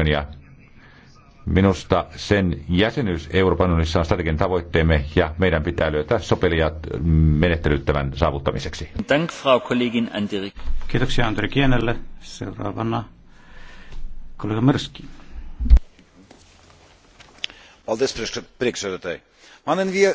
unionia. Minusta sen jäsenyys Euroopan unionissa on strateginen tavoitteemme ja meidän pitää löytää sopelijat menettelyt tämän saavuttamiseksi. Dank, Frau Kollegin Kiitoksia Andri Kienelle. Seuraavana kollega Myrski. Paldies, priekšsēdētāji. Man